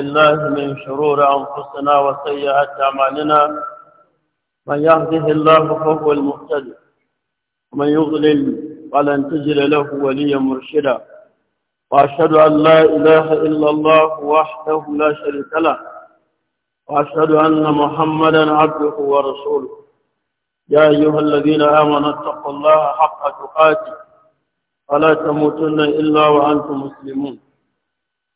بالله من شرور أنفسنا وسيئات أعمالنا من يهده الله فهو المهتد ومن يضلل فلن تجد له وليا مرشدا وأشهد أن لا إله إلا الله وحده لا شريك له وأشهد أن محمدا عبده ورسوله يا أيها الذين آمنوا اتقوا الله حق تقاته ولا تموتن إلا وأنتم مسلمون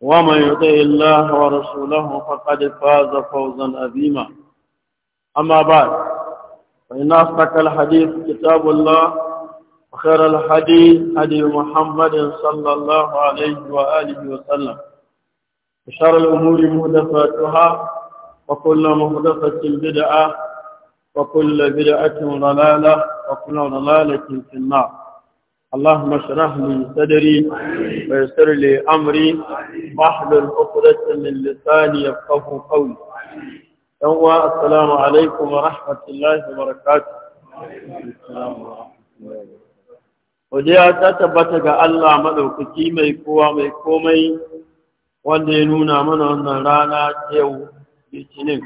ومن يطع الله ورسوله فقد فاز فوزا عظيما أما بعد فإن أصدق الحديث كتاب الله وخير الحديث هدي محمد صلى الله عليه وآله وسلم وشر الأمور مهدفاتها وكل مهدفة بدعة وكل بدعة ضلالة وكل ضلالة في النار اللهم اشرح لي صدري ويسر لي امري واحلل عقدة من لساني يفقهوا قولي يوم السلام عليكم ورحمة الله وبركاته Wajiya ta tabbata ga Allah maɗaukaki mai kowa mai komai wanda ya nuna mana wannan rana yau litinin.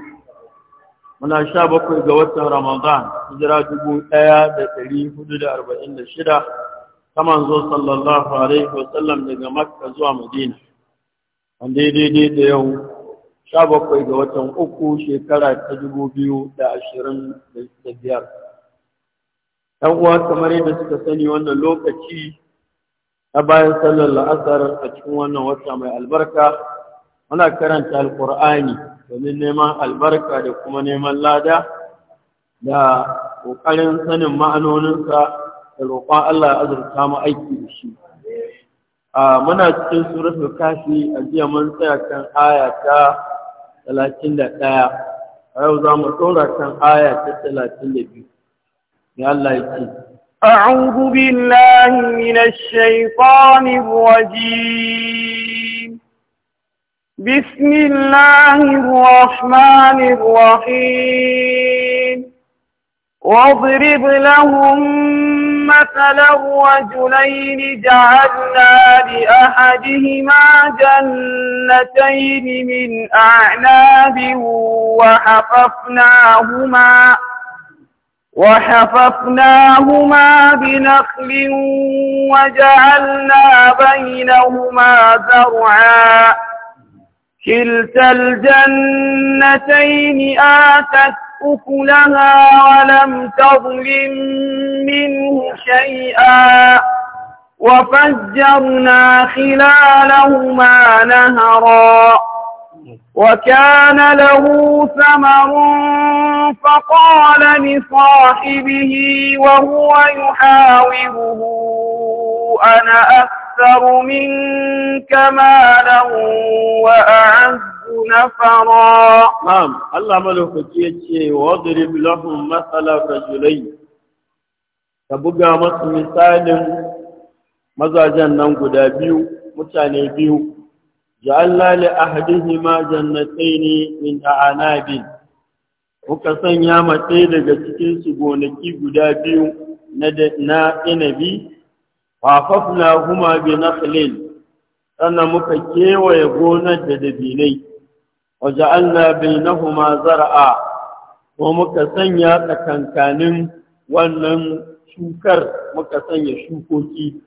Muna sha bakwai ga watan Ramadan, hijira dubu ɗaya da ɗari hudu da arba'in da shida, kama zo sallallahu alaihi wasallam daga makka zuwa madina wanda ya daidai da yau sha bakwai ga watan uku shekara ta dubu biyu da ashirin da biyar ɗan uwa kamar yadda suka sani wannan lokaci na bayan sallar la'asar a cikin wannan wata mai albarka muna karanta alkur'ani domin neman albarka da kuma neman lada da ƙoƙarin sanin ma'anoninsa da roƙon Allah ya azurta mu aiki da shi a muna cikin suratul kafi a jiya mun tsaya kan aya ta 31 a yau za mu tsora kan aya ta 32 ya Allah ya ce أعوذ بالله من الشيطان الرجيم بسم الله الرحمن الرحيم واضرب لهم مثلا الرجلين جعلنا لأحدهما جنتين من أعناب وحففناهما وحففناهما بنخل وجعلنا بينهما زرعا كلتا الجنتين آتت أكلها ولم تظلم منه شيئا وفجرنا خلالهما نهرا وكان له ثمر فقال لصاحبه وهو يحاوره أنا أكثر منك مالا وأعز نفرا نعم الله ملوك يتي واضرب لهم مثل رجلين كبغا مس مثال مزاجن نان غدا بيو متاني بيو جعلنا لأحدهما جنتين من أعناب muka sanya mace daga cikin su gonaki guda biyu na inabi fafafna huma bi nakhlin sannan muka kewaye gonar da dabinai waja'alna bainahuma zar'a ko muka sanya tsakankanin wannan shukar muka sanya shukoki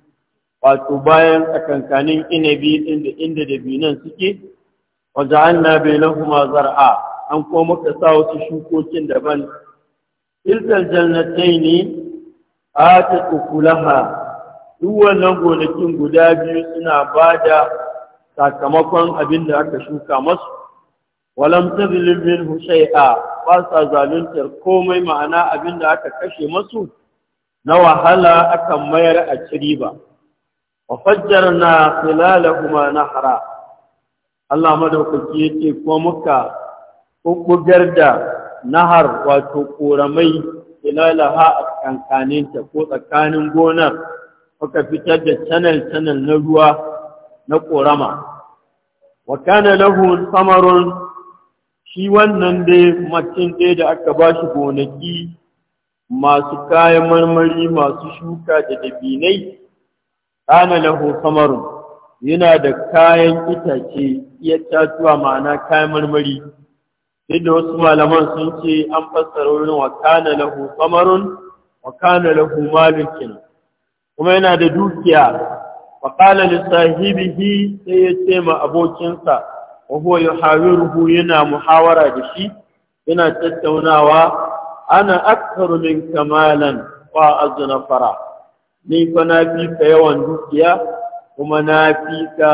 wato bayan tsakankanin inabi din da inda binan suke waja'alna bainahuma zar'a an kuma muka sa wasu shukokin daban tilkal jannatayn atat tsukulaha. duk wannan gonakin guda biyu suna ba da sakamakon abin da aka shuka masu walam tazlim min shay'a ba sa zaluntar komai ma'ana abin da aka kashe masu na wahala aka mayar a ba wa fajjarna khilalahuma nahra Allah madaukaki yace ko muka kubugar da nahar wato koramai khilalaha a kankanin ko tsakanin gonar muka fitar da channel channel na ruwa na korama wa kana lahu samarun shi wannan dai macin ɗaya da aka ba shi gonaki masu kayan marmari masu shuka da dabinai ana lahu samarun yana da kayan itace iya tatuwa ma'ana kayan marmari inda wasu malaman sun ce an fassara wurin wa kana lahu samarun wa kana lahu malikin kuma yana da dukiya wa kana li sai ya ce ma abokinsa wa huwa yuhawiruhu yana muhawara da shi yana tattaunawa ana aktharu min kamalan wa azna fara ni fa na fi ka yawan dukiya kuma na fi ka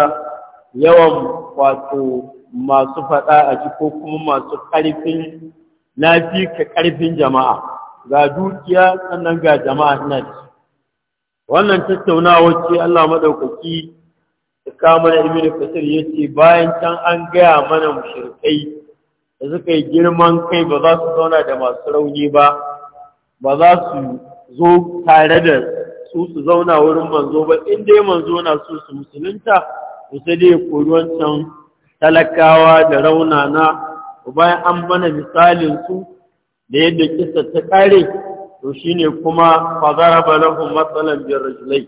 yawan wato masu faɗa a ji ko kuma masu karfin na fi ka ƙarfin jama'a ga dukiya sannan ga jama'a ina da wannan tattaunawa ce Allah maɗaukaki kamar ibn ya ce, bayan can an gaya mana mushrikai da suka yi girman kai ba za su zauna da masu rauni ba ba za su zo tare da su su zauna wurin manzo ba in dai manzo na so su musulunta to sai dai koruwan can talakawa da rauna na bayan an mana misalin su da yadda kisa ta kare to shine kuma fa zaraba lahum matsalan bi rajulai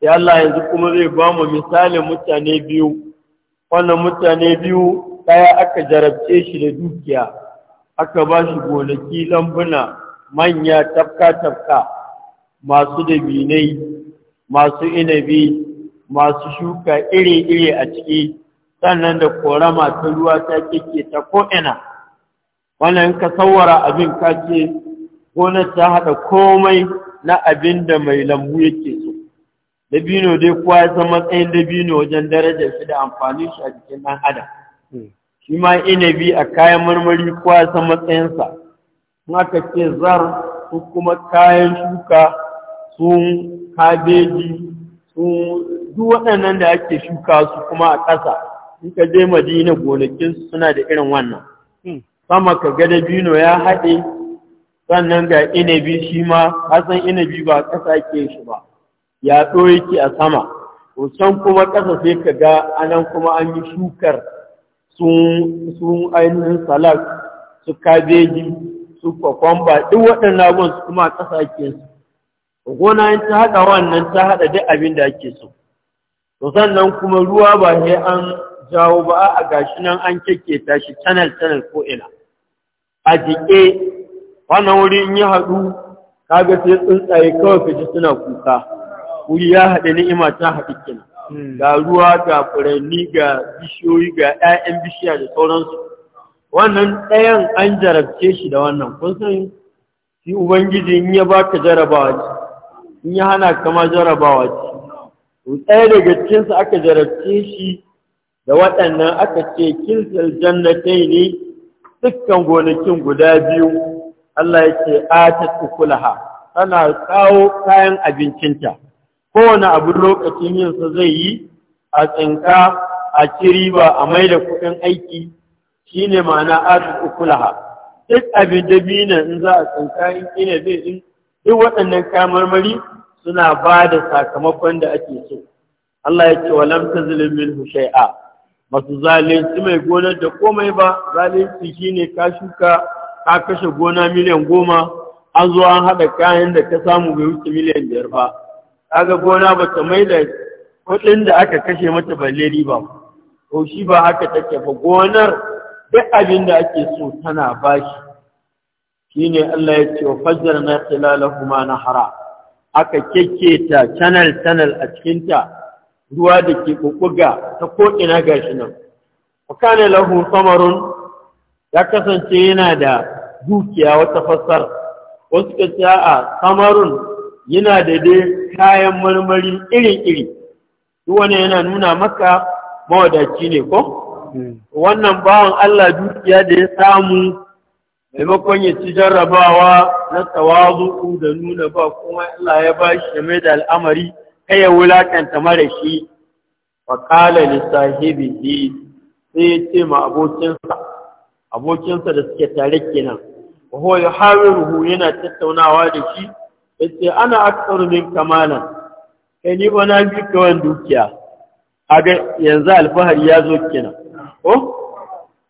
sai Allah yanzu kuma zai ba mu misalin mutane biyu wannan mutane biyu ɗaya aka jarabce shi da dukiya aka ba shi gonaki lambuna manya tafka-tafka masu dabinai masu inabi masu shuka iri-iri a ciki sannan da korama ta ruwa ta keke ta ko'ina wannan ka saurara abin kace gonar ta haɗa komai na abinda mai lambu yake so dabino dai kowa ya san matsayin dabino wajen darajar shi da amfani shi a jikin ɗan adam hmm. shi ma inabi a kayan marmari kowa ya san matsayinsa in aka ce zar su kuma kayan shuka sun kabeji sun duk waɗannan da ake shuka su kuma a ƙasa in ka je madina gonakin suna da irin wannan hmm. sama ka ga dabino ya haɗe sannan ga inabi shi ma kasan inabi ba ƙasa ke shi ba yaɗo yake a sama can kuma ƙasa sai ka ga anan kuma an yi shukar sun ainihin salak su kabeji su kwakwamba duk waɗannan abubuwan su kuma a ƙasa ake su gona in ta haɗa wannan ta haɗa duk abin da ake so to sannan kuma ruwa ba sai an jawo ba a gashi nan an kekketa shi canal canal ko ina a jike wannan wuri in ya haɗu kaga sai tsuntsaye kawai ka ji suna kuka wuri ya haɗe ni'ima ta haɗe kenan hmm. ga ruwa ga furanni ga bishiyoyi ga 'ya'yan bishiya da sauransu wannan ɗayan an jarabce shi da wannan kun san shi ubangiji in ya baka jarabawa ci in ya hana kama jarabawa ce ɗaya daga cikinsa aka jarabce shi da waɗannan aka ce kinsal jannatai ne dukkan gonakin guda biyu Allah ya ce atat tana kawo kayan abincinta kowane abin lokacin yinsa zai yi a tsinka a ba a mai da kuɗin aiki shi ne ma'ana arziki kulaha duk abin da in za a tsinka in ina zai in duk waɗannan kamarmari suna ba da sakamakon da ake so Allah ya ce wa lam tazlim minhu shay'a masu zalunci mai gonar da komai ba zalunci shine ka shuka ka kashe gona miliyan goma an zo an haɗa kayan da ka samu bai wuce miliyan biyar ba kaga gona ba ta mai da kuɗin da aka kashe mata balle riba ko shi ba haka take ba gonar duk abin da ake so tana bashi shine Allah ya ce wa fajjarna khilalahuma nahara aka kekketa channel channel a cikin ta ruwa da ke kokuga ta ko ina gashi nan wa kana lahu samarun ya kasance yana da dukiya wata fassar wasu kace a samarun yana da dai kayan marmari iri-iri wani yana nuna maka mawadaci ne ko hmm. wannan bawan Allah dukiya da ya samu maimakon ya ci jarrabawa na tawazu da nuna ba kuma Allah ya ba shi mai da al'amari kai ya wulakanta mara shi wa kala sahibi ne sai ya ce ma abokinsa abokinsa da suke tare kenan wa huwa yana tattaunawa da shi yace ana aktsar min kamalan kai ni ba na bi kawan dukiya aga yanzu alfahari ya zo kina, ko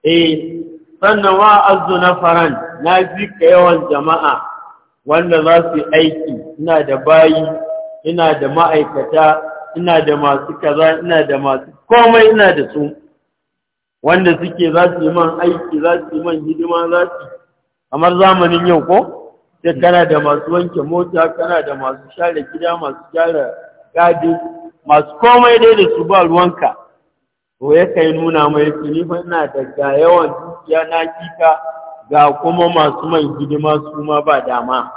eh sannan wa azu nafaran na bi ka yawan jama'a wanda za su aiki ina da bayi ina da ma'aikata ina da masu kaza ina da masu komai ina da su wanda suke za su yi man aiki za su yi man hidima za su kamar zamanin yau ko sai kana da masu wanke mota kana da masu share gida masu gyara gadi masu komai dai da su ba ruwanka to ya kai nuna mai yake ni fa ina da ga yawan dukiya na kika ga kuma masu man hidima su ma ba dama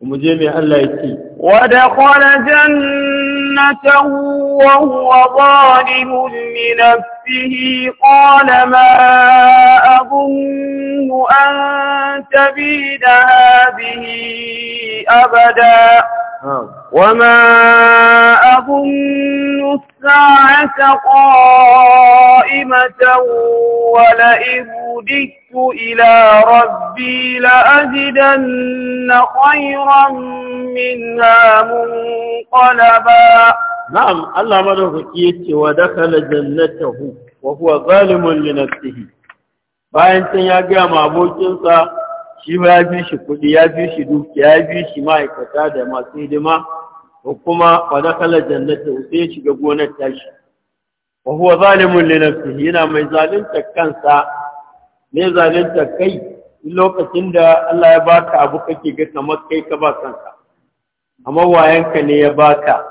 mu je mai Allah yake wa da qala jannatu wa huwa zalimun min nafsi ربه قال ما أظن أن تبيد هذه أبداً وما أظن الساعة قائمة ولئذ ودت إلى ربي لأجدن خيرا منها منقلبا نعم الله مره كيت ودخل جنته وهو ظالم لنفسه bayan can ya gaya ma shi ba ya fi shi kuɗi ya fi shi dukiya ya fi shi ma'aikata da masu hidima ko kuma kalar jannata sai shiga gonar tashi wa huwa zalimun li nafsihi yana mai zalunta kansa ne zalunta kai lokacin da Allah ya baka abu kake ga kamar kai ka ba kanka amma wayanka ne ya baka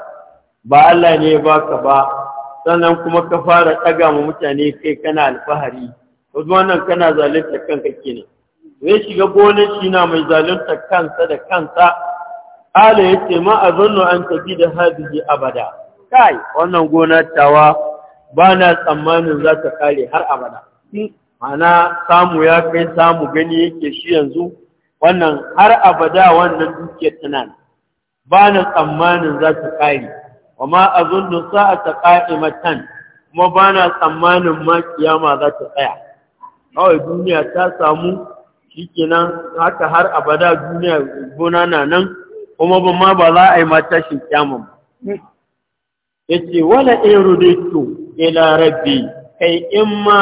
ba Allah ne ya baka ba sannan kuma ka fara daga ma mutane kai kana alfahari wannan kana zalunta kanka kenan ya shiga gonar shi na mai zalunta kansa da kansa ala ya ce ma a zannu an tafi da hadiji abada kai wannan gonar tawa ba na tsammanin za ta kare har abada Mana samu ya kai samu gani yake shi yanzu wannan har abada wannan duke tana ba na tsammanin za ta kare wa ma a zannu sa'ata matan, kuma ba na tsammanin ma kiyama za ta tsaya kawai duniya ta samu shi haka har abada duniya gona na nan kuma ba ma ba za a yi mata shi kyamun ba ya ce wala eruditu ila rabbi kai in ma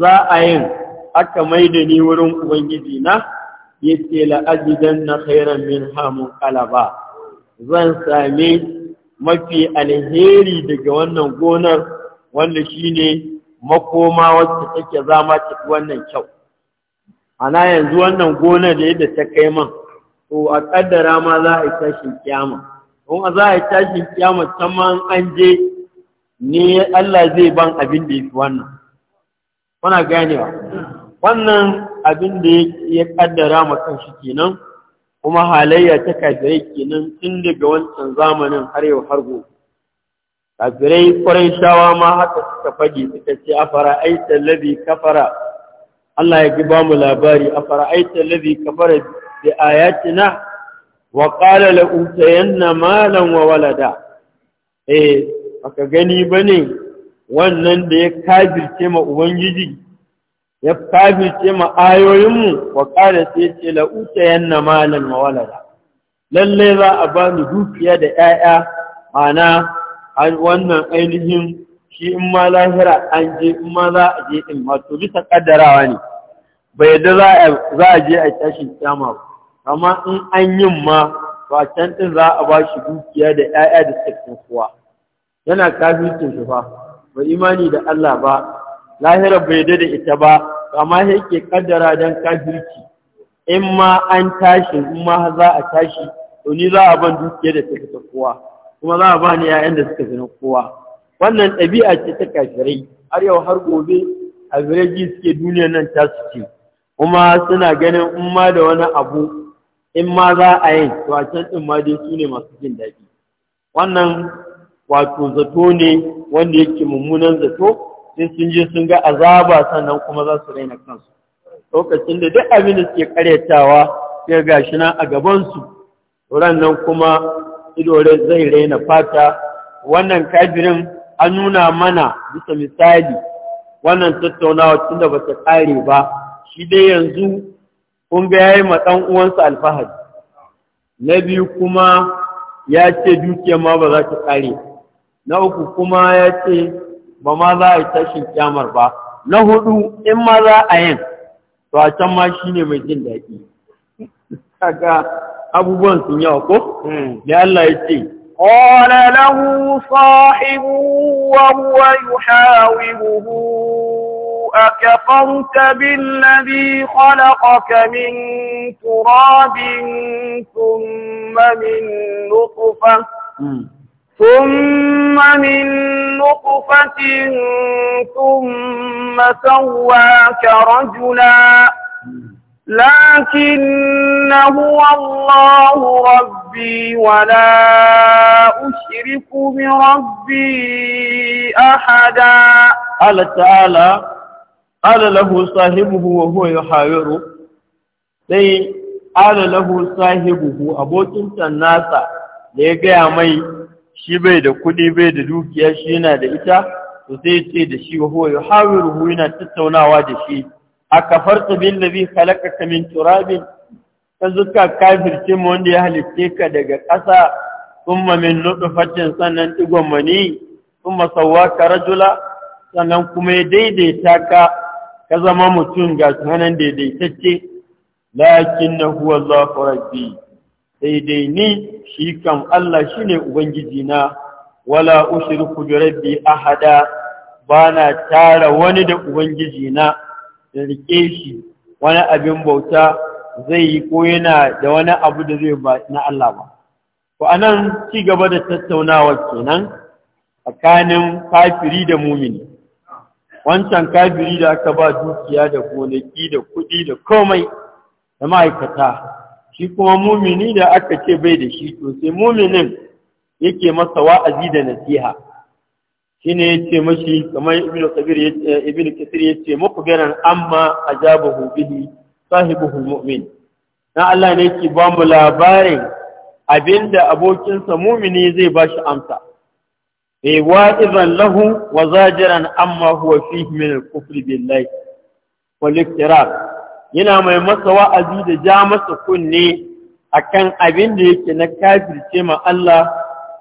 za a yi aka mai da ni wurin ubangiji na ya ce la'ajidan na khairan min hamun kalaba zan sami mafi alheri daga wannan gonar wanda shi ne makoma wacce take zama ta wannan kyau ana yanzu wannan gonar da yadda ta kai man to a kaddara ma za a yi tashin kiyama kuma za a yi tashin kiyama ta an je ne Allah zai ban abin da ya fi wannan kuna ganewa wannan abin da ya kaddara ma kanshi kenan kuma halayya ta kafirai kenan tun daga wancan zamanin har yau har gobe kafirai kwarai shawa ma haka suka faɗi suka ce afara ai aita labi kafara Allah ya ji ba mu labari a fara'aita lafi kafara da ayatina wa ƙala la'utayenna malan wa walada eh aka gani ba ne wannan da ya kajirce ma ubangiji ya kajirce ma ayoyinmu wa ƙala sai ce la'utayenna malan wa walada Lallai za a ba ni dukiya da 'ya'ya mana wannan ainihin shi in ma lahira an je in ma za a je in ma to bisa kaddarawa ne bai yadda za a je a tashin kyama ba amma in an yin ma to a can din za a ba shi dukiya da 'ya'ya da suka kuwa yana kafircin shi fa ba imani da Allah ba lahira bai yadda da ita ba amma yake kaddara dan kafirci in ma an tashi in ma za a tashi to ni za a ban dukiya da suka kuwa kuma za a ba ni 'ya'yan da suka zina kowa wannan ɗabi'a ce ta kafirai har yau har gobe a biraji suke duniya nan ta su ce kuma suna ganin in ma da wani abu in ma za a yi to a can ɗin ma dai su ne masu jin daɗi wannan wato zato ne wanda yake mummunan zato sai sun je sun ga azaba sannan kuma za su raina kansu lokacin da duk abin da suke karyatawa sai ga shi a gabansu ran nan kuma ido zai raina fata wannan kafirin an nuna mana bisa misali wannan tattaunawa tunda ba ta kare ba shi dai yanzu kun ga yayi ma ɗan uwansa alfahari na biyu kuma ya ce dukiya ma ba za ta kare. na uku kuma ya ce ba ma za a yi tashin kyamar ba na hudu in ma za a yin to a can ma shi ne mai jin daɗi kaga abubuwan sun yawa ko da hmm. Allah ya ce قال له صاحبه وهو يحاوره أكفرت بالذي خلقك من تراب ثم من نطفة ثم من نطفة ثم سواك رجلاً لكن هو الله ربي ولا أشرك بربي أحدا قال تعالى قال له صاحبه وهو يحاوره sai ala lahu sahibuhu abokin tannasa da ya gaya mai shi bai da kuɗi bai da dukiya shi yana da ita to sai ce da shi wa huwa yuhawiruhu yana tattaunawa da shi akafarta billazi ka min turabin ka zuka kafirce mu wanda ya halitte ka daga ƙasa kuma min nutfatin sannan digon mani kuma sawaka rajula sannan kuma ya daidaita ka ka zama mutum ga sanan daidaitacce lakinna huwa Allahu rabbi sai ni shi kam Allah shine ubangiji na wala ushriku bi rabbi ahada bana tara wani da ubangiji na da rike shi wani abin bauta zai yi ko yana da wani abu da zai ba na Allah ba ko nan ci gaba da tattaunawa kenan tsakanin kafiri da mumini wancan kafiri da aka ba dukiya da gonaki da kuɗi da komai da ma'aikata shi kuma mumini da aka ce bai da shi to sai muminin yake masa wa'azi da nasiha shine yace mashi kamar ibn kabir eh, ibn kasir yace muku garan amma ajabahu bihi sahibuhu mu'min dan Allah ne yake ba mu labarin abinda abokinsa mumini zai bashi amsa bi eh, wa'izan lahu wa zajiran amma huwa fihi min al-kufr billahi wal yana mai masa wa'azi da ja masa kunne akan abin da yake na kafirce ma Allah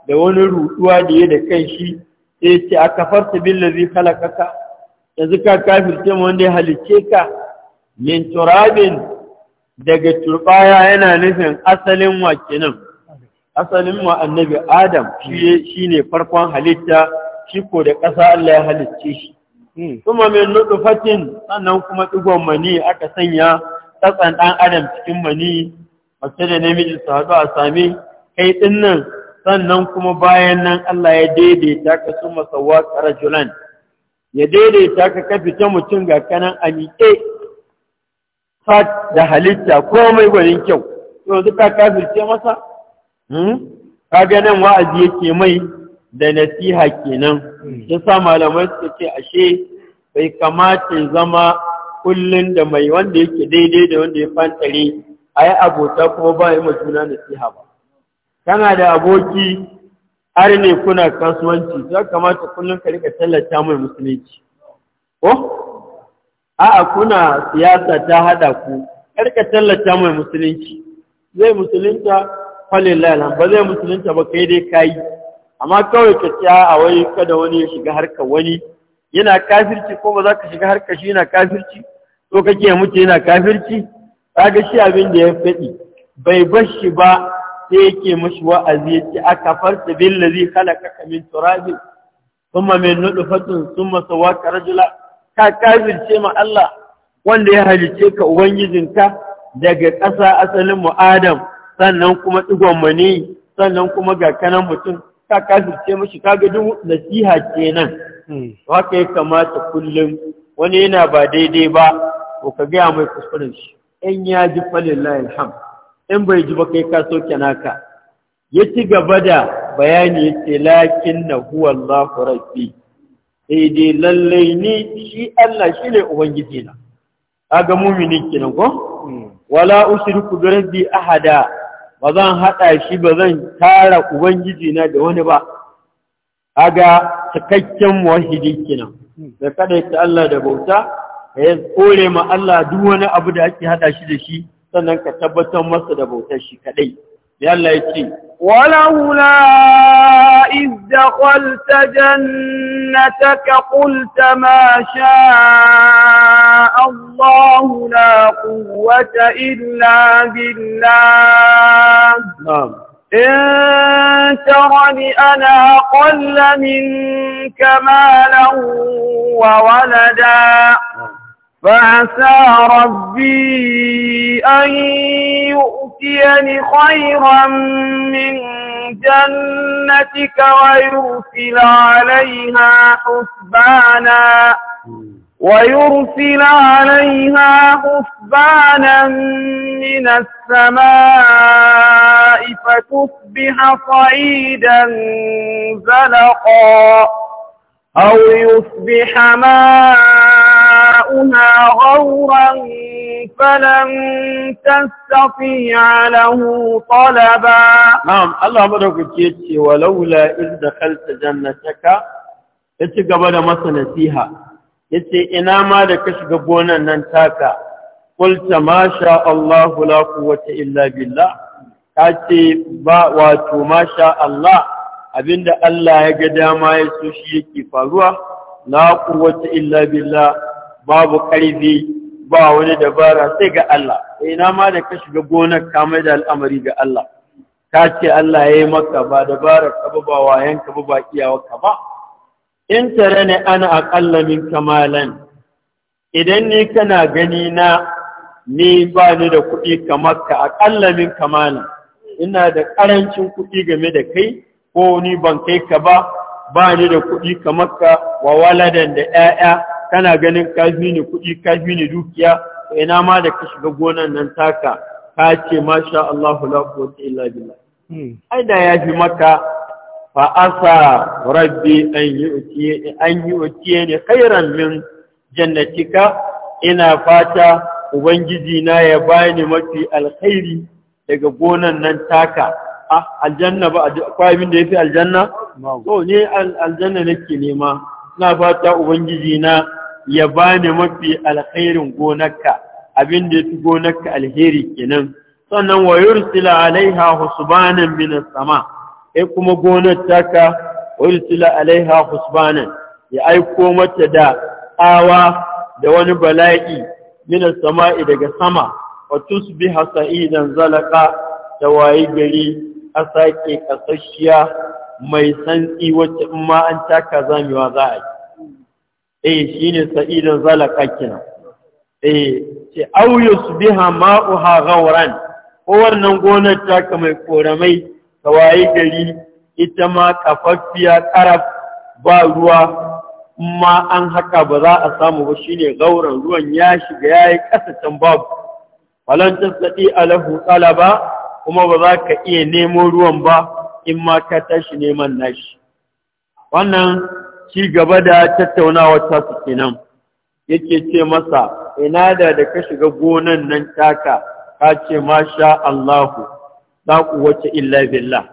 da wani ruduwa da ya da kanshi sai ce a kafarta billazi khalaqaka yanzu ka kafirce mu wanda ya halice ka min turabin daga turbaya yana nufin asalin wa kenan asalin wa annabi adam shi ne farkon halitta shi ko da ƙasa Allah ya halicce shi hmm. kuma min nutfatin sannan kuma digon mani aka sanya tsatsan dan adam cikin mani wacce da namiji su haɗu a sami kai ɗinnan. sannan kuma bayan nan Allah ya daidaita ka su masawa rajulan ya daidaita ka ka fita mutum ga kanan a miƙe fat da halitta ko komai gwanin kyau yanzu ka kafirce masa hmm? ka ga nan wa'azi yake mai da nasiha kenan ya sa malamai suka ce ashe bai kamata zama kullum da mai wanda yake daidai da wanda ya fantare a yi abota kuma ba yi juna nasiha ba kana da aboki har ne kuna kasuwanci ya kamata kullum ka rika tallata mai musulunci ko a'a kuna siyasa ta hada ku karka tallata mai musulunci zai musulunta falillah alham ba zai musulunta ba kai dai kai amma kawai ka ci a wai kada wani ya shiga harkar wani yana kafirci ko ba za ka shiga harkar shi yana kafirci ko kake mutu yana kafirci kaga shi abin da ya faɗi bai bar shi ba sai yake mashi wa'azi yace aka farta khalaqa ka min turabin thumma min nutfatin thumma sawaka rajula ka kafirce ma Allah wanda ya halice ka ubangijinka daga ƙasa asalin mu Adam sannan kuma digon mani sannan kuma ga kanan mutum ka kafirce mashi kaga duk nasiha kenan to haka ya kamata kullum wani yana ba daidai ba ko ka gaya mai kuskuren shi in ya ji falin layin in bai ji ba kai ka soke naka ya ci gaba da bayani ya ce lakin na huwa Allah rabbi sai eh, dai lallai ni shi Allah shi ne ubangiji na aga mumini kenan ko hmm. wala ushriku bi rabbi ahada ba zan hada shi ba zan tara ubangiji na da wani ba aga cikakken wahidi kenan da hmm. kada ta Allah da bauta ya kore ma Allah duk wani abu da ake hada shi da shi sannan ka tabbatar masa da bautar shi kadai ya Allah ya ce walaula iz dakhalta jannataka qulta ma sha Allah la quwwata illa billah na'am إن ترني أنا قل منك مالا وولدا فعسى ربي أن يؤتيني خيرا من جنتك ويرسل عليها حسبانا ويرسل عليها حسبانا من السماء فتصبح صعيدا زلقا أو يصبح ماء ماؤنا غورا فلن تستطيع له طلبا نعم الله مدوك يتي ولولا إذ دخلت جنتك يتي قبل مثل فيها يتي إناما لكش قبونا ننتاك قلت ما شاء الله لا قوة إلا بالله كاتي با واتو ما شاء الله abinda Allah ya ga dama ya so shi yake faruwa la quwwata illa billah babu ƙarfi ba wani dabara sai ga Allah ina ma da ka shiga gonar ka mai da al'amari ga Allah ka ce Allah ya yi maka ba dabara ka ba wayan ka ba ba ka ba in tare ne ana aƙalla min kamalan idan ni kana gani na ni ba ni da kuɗi kamar ka aƙalla min kamalan ina da ƙarancin kuɗi game da kai ko ni ban kai ka ba ba ni da kuɗi kamar ka wa waladan da 'ya'ya kana ganin kafi ne kuɗi kafi ne dukiya ina ma da ka shiga gonan nan taka ka ce masha Allahu la quwwata illa billah hmm. ai da ya fi maka fa asa rabbi an yu'ti an yu'ti ni khairan min jannatika ina fata ubangiji na ya bani mafi alkhairi daga gonan nan taka ah aljanna ba akwai abin da yafi aljanna to ne aljanna nake nema ina fata ubangiji na ya bani mafi alkhairin gonarka abin da yafi gonarka alheri kenan sannan wa yursila alaiha husbanan min sama ai kuma gonar taka wa yursila alaiha husbanan ya aiko mata da tsawa da wani bala'i min sama'i daga sama wa tusbiha sa'idan zalaka da gari a sake kasashiya mai santsi wacce in ma an taka zamewa za a yi eh shine sa'idan zalaka kenan eh ce biha ma’u ha ghawran ko wannan gonar ta ka mai koramai ka waye gari ita ma kafaffiya karaf ba ruwa ma an haka ba za a samu ba shine gauran ruwan ya shiga yayi ƙasa can babu falan tasdi alahu talaba kuma ba za ka iya nemo ruwan ba in ma ka tashi neman nashi wannan ci gaba da tattaunawa ta su kenan yake ce masa ina da da ka shiga gonan nan taka ka ce masha Allahu ku wace illa billah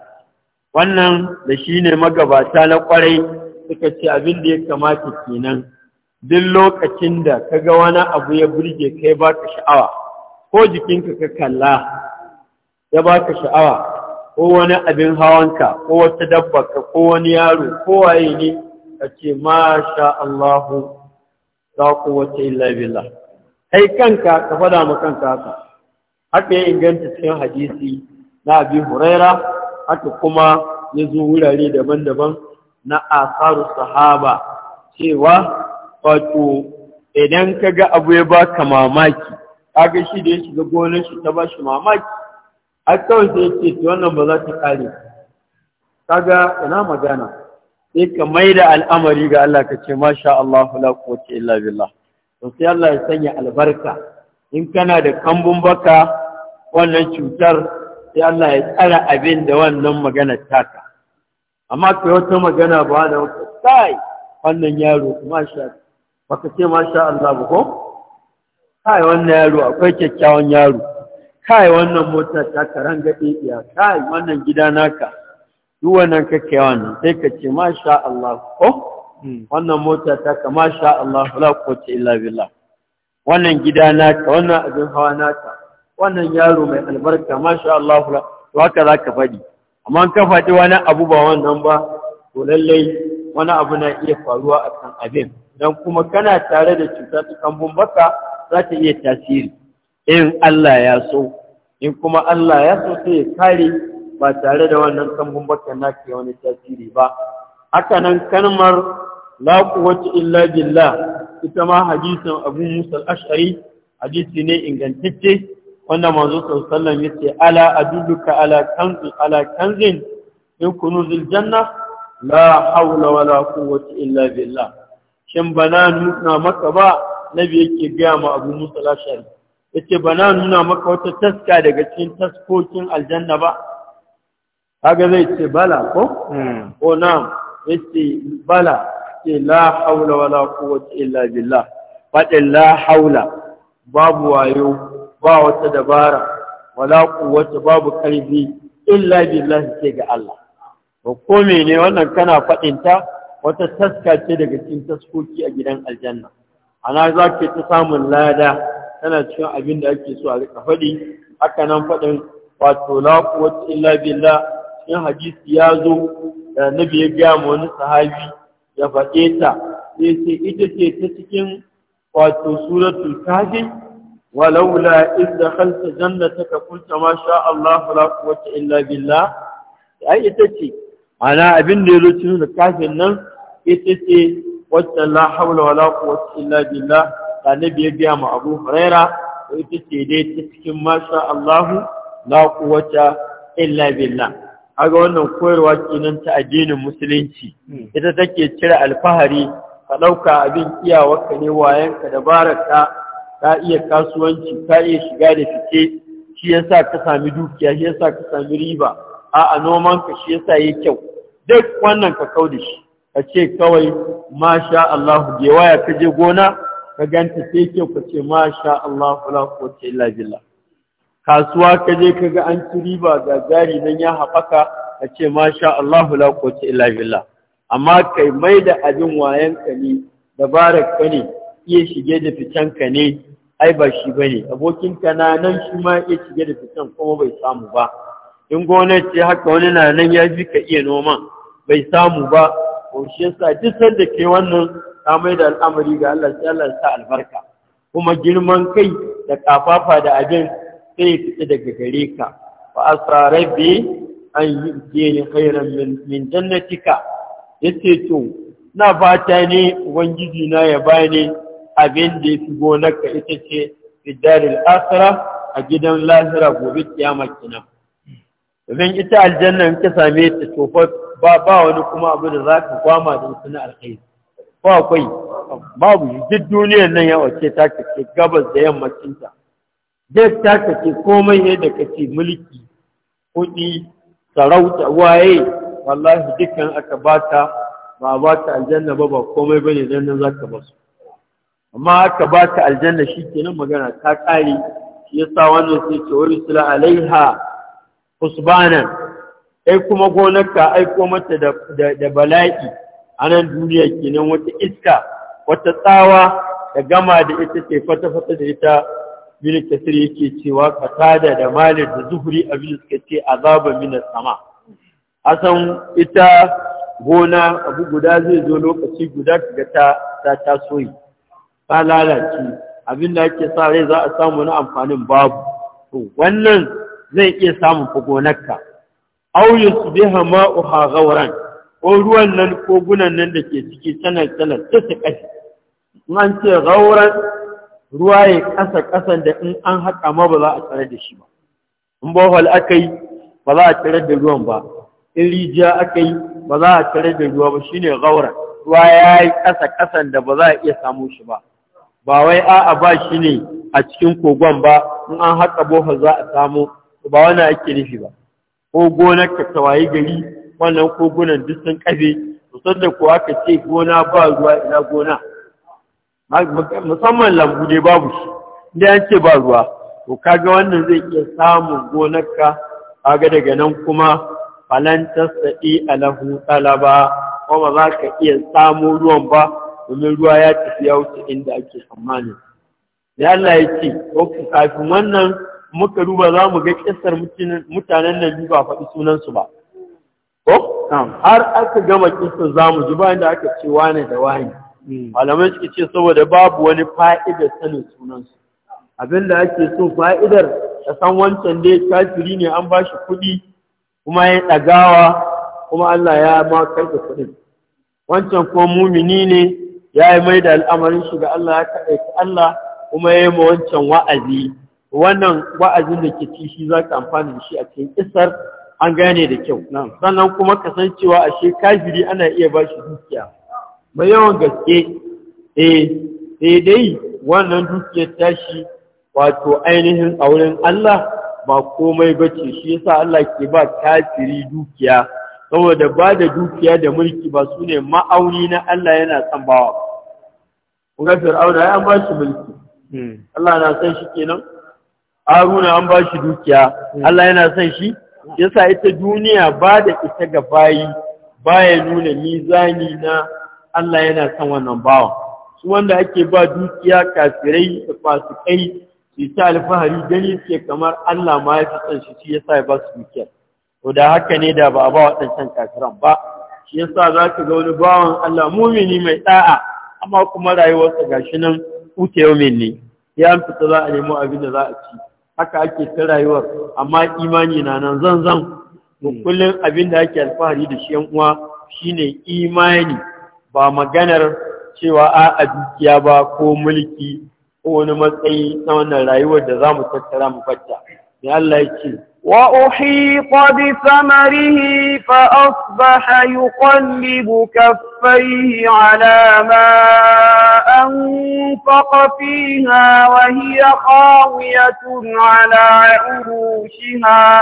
wannan da shine magabata na kwarai suka ce abin da ya kamata kenan duk lokacin da ka ga wani abu ya burge kai ba ka sha'awa ko jikinka ka kalla ya ba ka sha'awa ko wani abin hawanka ko wata dabba ko wani yaro ko waye ne ka masha ma sha Allahu la illa billah kai kanka ka fada makan kanka haka haka ya inganta cikin hadisi na Abi Huraira haka kuma ya zo wurare daban-daban na asaru sahaba cewa wato idan ka ga abu ya baka mamaki kaga shi da ya shiga gonar shi ta bashi mamaki a kawai sai ce wannan ba za ta kare kaga ina magana sai ka mai da al'amari ga Allah ka ce masha Allah la quwwata illa billah to sai Allah ya sanya albarka in kana da kambun baka wannan cutar sai Allah ya tsara abin da wannan magana taka amma kai wata magana ba da wata kai wannan yaro masha baka ce masha Allah ba ko kai wannan yaro akwai kyakkyawan yaro kai wannan mota ta karanga ɗiɗiya kai wannan gida naka duk wannan kake wannan sai ka ce masha Allah ko hmm. wannan mota ta ka masha Allah la quwwata illa billah wannan gida ka wannan abin hawa ka wannan yaro mai albarka masha Allah la to haka zaka fadi amma ka fadi wani abu ba wannan ba to lallai wani abu na iya faruwa a kan abin dan kuma kana tare da cuta ta kambun baka za ta iya tasiri in Allah ya so in kuma Allah ya so sai ya kare ba tare da wannan kambun bakan naka wani tasiri ba haka nan kalmar la quwwata illa billah ita ma hadisin Abu Musa al-Ash'ari hadisi ne ingantacce wanda manzo sallallahu alaihi wasallam yace ala adulluka ala kanzin ala kanzin in kunuzil janna la hawla wala quwwata illa billah shin bana nuna maka ba nabi yake ga ma Abu Musa al-Ash'ari yace bana nuna maka wata taska daga cikin taskokin aljanna ba kaga zai ce bala ko ko hmm. oh, na'am ce bala ce la haula wala quwwata illa billah Faɗin la haula babu wayo ba wata dabara wala quwwata babu karfi illa billahi ce ga Allah ko mene wannan kana fadin ta wata taska ce daga cikin taskoki a gidan aljanna ana zaki ta samun lada tana cikin abin da ake so a rika fadi haka nan fadin wato la quwwata illa billah in hadisi ya zo da eh, nabi ya gaya ma wani sahabi ya faɗe ta sai ce ita ce ta cikin wato suratul kafi walaula iz dakhalta jannataka kunta ma sha Allah la quwwata illa billah ai ita ce ana abin da yazo cikin kafin nan ita ce wacce la hawla wala quwwata illa billah da nabi ya gaya ma Abu Huraira ita ce dai ta cikin ma sha Allah la quwwata illa billah aga wannan koyarwa kenan ta addinin musulunci ita take cire alfahari ka ɗauka abin iyawarka ne wayanka baraka ka iya kasuwanci ka iya shiga da fice shi yasa ka sami dukiya shi yasa ka sami riba a'a noman ka shi yasa yayi kyau duk wannan ka kau da shi ka ce kawai masha Allah je waya ka je gona ka ganta sai kyau ka ce masha Allah la quwwata illa billah kasuwa ka je ka ga an ci riba ga jari nan ya haɓaka a ce masha Allahu la quwwata illa billah amma kai mai da abin wayan ka ne dabarar ka ne iya shige da fitan ka ne ai ba shi bane abokin ka na nan shi ma iya shige da fitan kuma bai samu ba in ce haka wani na nan ya ji ka iya noma bai samu ba ko shi yasa duk da ke wannan ta mai da al'amari ga Allah sai Allah ya sa albarka kuma girman kai da kafafa da abin zai fiye daga gare ka fa asra rabbi an yi khairan min min jannatika ce to na fata ne ubangiji na ya bani abin da ya gona ka ita ce fidaril asra a gidan lahira gobe kiyama kenan idan ita aljannan ka same ta tofar ba ba wani kuma abu da za ka kwama da wasu na alkhairi ba akwai babu duk duniyar nan ya wace ta ke gabas da yammacin ta zai ta kace komai yadda kace mulki kudi sarauta waye wallahi dukkan aka bata ba ba ta aljanna ba ba komai bane dan nan zaka basu amma aka bata aljanna shi shikenan magana ta kare shi yasa wannan sai ce ursila alaiha usbana ai kuma gonarka aiko mata da da bala'i a nan duniya kenan wata iska wata tsawa da gama da ita ce fata-fata da ita bin kasir yake cewa qatada da malik da zuhuri, abin suka ce azaba min sama asan ita gona abu guda zai zo lokaci guda kaga ta ta yi. ta lalace abin da ake sa rai za a samu na amfanin babu to wannan zai iya samun fa gonarka aw yusbiha ma'uha gauran ko ruwan nan ko gunan nan da ke ciki sanar sanar ta su kashi an ce gauran ruwa ya ƙasa ƙasan da in an haƙa ma ba za a tsare da shi ba in bohol aka yi ba za a tsare da ruwan ba in rijiya aka yi ba za a tsare da ruwa ba shine gaura ruwa ya yi ƙasa ƙasan da ba za a iya samu shi ba ba wai a'a ba shi ne a cikin kogon ba in an haƙa bohol za a samu ba wani ake nufi ba ko gonar ka tawaye gari wannan kogunan duk sun kafe musamman da ko aka ce gona ba ruwa ina gona musamman lambu ne, babu shi inda an ce ba ruwa to kaga wannan zai iya samun gonarka kaga daga nan kuma falantar sa'i alahu talaba kuma za ka iya samun ruwan ba domin ruwa ya tafi ya wuce inda ake tsammani da Allah ya ce ok kafin wannan muka duba za mu ga kisar mutanen nan duba ba faɗi sunansu ba ko har aka gama kisar za mu ji bayan da aka ce wane da wani Hmm. malamai suke ce saboda babu wani fa'idar sanin sunansu abinda ake so fa'idar ta san wancan dai kafiri ne an ba shi kuɗi kuma ya ɗagawa kuma Allah ya ma da kuɗin wancan kuma mumini ne ya yi mai da al'amarin shi ga Allah ya kaɗaita Allah kuma ya yi ma wancan wa'azi wannan wa'azin da ke ci shi za ka amfani da shi a cikin isar an gane da kyau sannan kuma kasancewa ashe kafiri ana iya ba shi dukiya mai yawan gaske eh sai dai wannan dukiyar tashi wato ainihin a wurin Allah ba komai ba ce shi yasa Allah ke ba kafiri dukiya saboda ba da dukiya da mulki ba su ne ma'auni na Allah yana son bawa kun fir'auna ya ba shi mulki hmm. Allah na son shi kenan Haruna an ba shi dukiya hmm. Allah yana san shi yasa ita duniya ba da ita ga bayi baya nuna mizani na Allah yana son wannan bawan su wanda ake ba dukiya kafirai da fasikai su ta alfahari gani ke kamar Allah ma ya fi son shi shi yasa ya ba su dukiya to da haka ne da ba a ba waɗancan kafiran ba shi yasa za ka ga wani bawan Allah mumini mai da'a amma kuma rayuwarsa gashi nan uke yomin ne ya ta za a nemo abin da za a ci haka ake ta rayuwar amma imani na nan zan zan. kullum abin da ake alfahari da shi yan uwa shine imani ba maganar cewa a a dukiya ba ko mulki ko wani matsayi na wannan rayuwar da za mu tattara mu fatta ne Allah ya ce wa uhi bi samarihi fa asbaha yuqallibu kaffayhi ala An anfaqa fiha wa hiya qawiyatun ala urushiha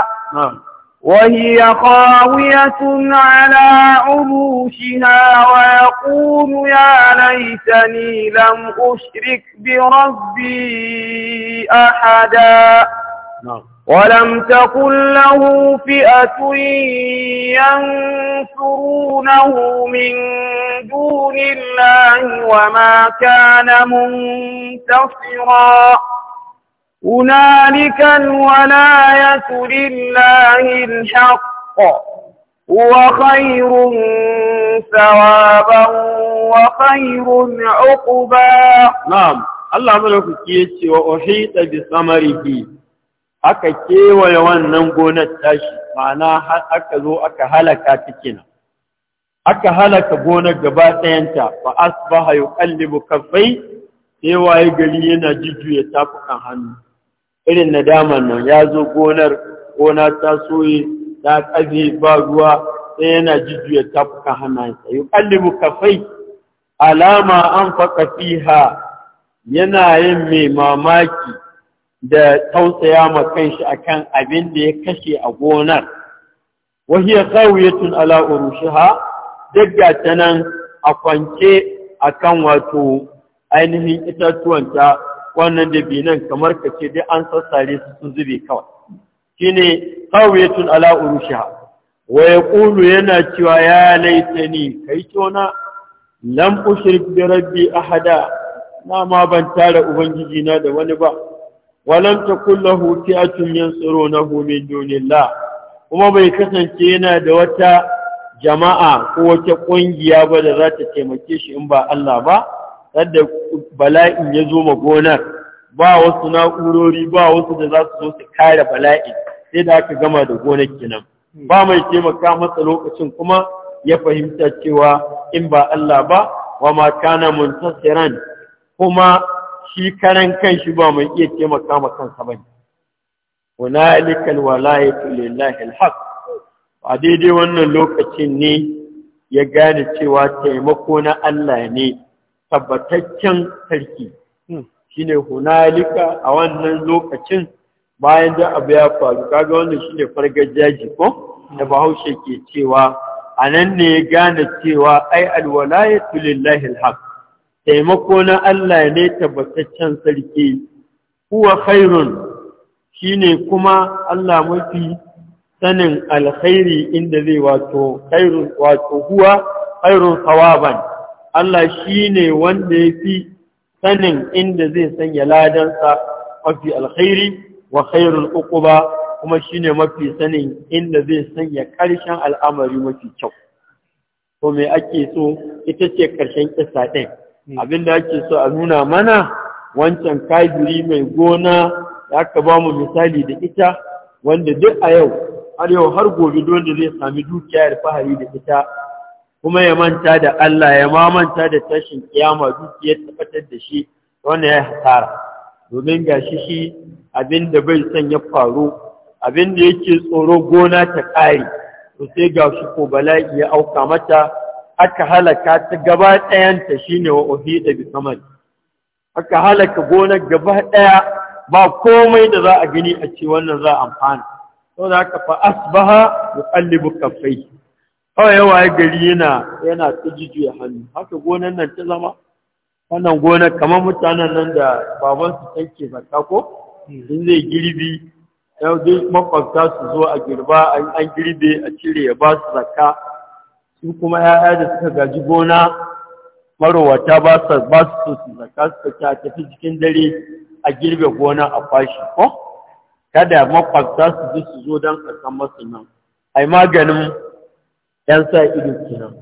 وهي خاوية على عروشها ويقول يا ليتني لم أشرك بربي أحدا نعم. ولم تكن له فئة ينصرونه من دون الله وما كان منتصرا هنالك الولاية لله الحق هو خير ثوابا وخير عقبا نعم Allah malaukaki ya ce wa uhita bi samarihi aka kewaye wannan gonar tashi ma'ana har aka zo aka halaka ta aka halaka gonar gaba ba fa asbaha yuqallibu kaffai sai waye gari yana jujjuya tafukan hannu irin nadaman nan ya zo gonar gona ta soye ta ƙafe ba ruwa sai yana jijiyar tafuka hannayensa yi mu kafai alama an faƙa fiha yana yin mai mamaki da tausaya ma kanshi akan abin da ya kashe a gonar wahiyar kawiyatun ala urushiha duk ta nan a kwance akan wato ainihin itatuwanta wannan nan kamar ka ce dai an sassare su sun zube kawai Shi shine tun ala urushiha wa ƙulu yana cewa ya laitani kai tona lam ushrik bi rabbi hada na ma ban tara ubangiji na da wani ba walam a lahu na na doni la. kuma bai kasance yana da wata jama'a ko wata ƙungiya ba da za ta taimake shi in ba Allah ba sadda bala'in ya zo ma gonar ba wasu na'urori ba wasu da za su zo su kare bala'i sai da aka gama da gonar kenan ba mai taimaka masa lokacin kuma ya fahimta cewa in ba Allah ba wa ma kana muntasiran kuma shi karan shi ba mai iya taimaka ma kansa ba hunalika walayatu lillahi alhaq a daidai wannan lokacin ne ya gane cewa taimako na Allah ne tabbataccen sarki hmm. shine hunalika a wannan lokacin bayan da abu ya faru kaga wannan shine jaji ko da hmm. bahaushe ke cewa a nan ne ya gane cewa ai alwalayatu lillahi alhaq taimako na Allah ne tabbataccen sarki huwa khairun shine kuma Allah mafi sanin alkhairi inda zai wato khairun wato huwa khairun thawaban Allah shi ne wanda ya fi sanin inda zai sanya ladansa mafi alkhairi wa khairul uquba kuma shi ne mafi sanin inda zai sanya ƙarshen al'amari mafi kyau to me ake so ita ce ƙarshen kisa ɗin hmm. da ake so a nuna mana wancan kajiri mai gona da aka ba mu misali da ita wanda duk a yau har yau har gobe dole zai sami dukiya da fahari da ita kuma ya manta da Allah ya ma manta da tashin kiyama dukiyar tabbatar da shi wannan ya hasara domin ga shi shi abinda bai son ya faru abin da yake tsoro gona ta ƙare to sai shi ko bala'i ya auka mata aka halaka ta gaba ta shine wa da bi kamar aka halaka gona gaba ɗaya ba komai da za a gani a ce wannan za a amfana saboda haka fa asbaha yuqallibu kaffai kawai yawa gari yana yana ta jijiya hannu haka gonan nan ta zama wannan gonar kamar mutanen nan da babansu ke zaka ko in zai girbi yau dai makwabta su zo a girba an girbe a cire ya ba su zakka su kuma ya'ya da suka gaji gona marowata ba su ba su su zakka su ta tafi cikin dare a girbe gona a fashi ko kada makwabta su zo su zo don a san masu nan ai maganin ‘yan sa ido kenan.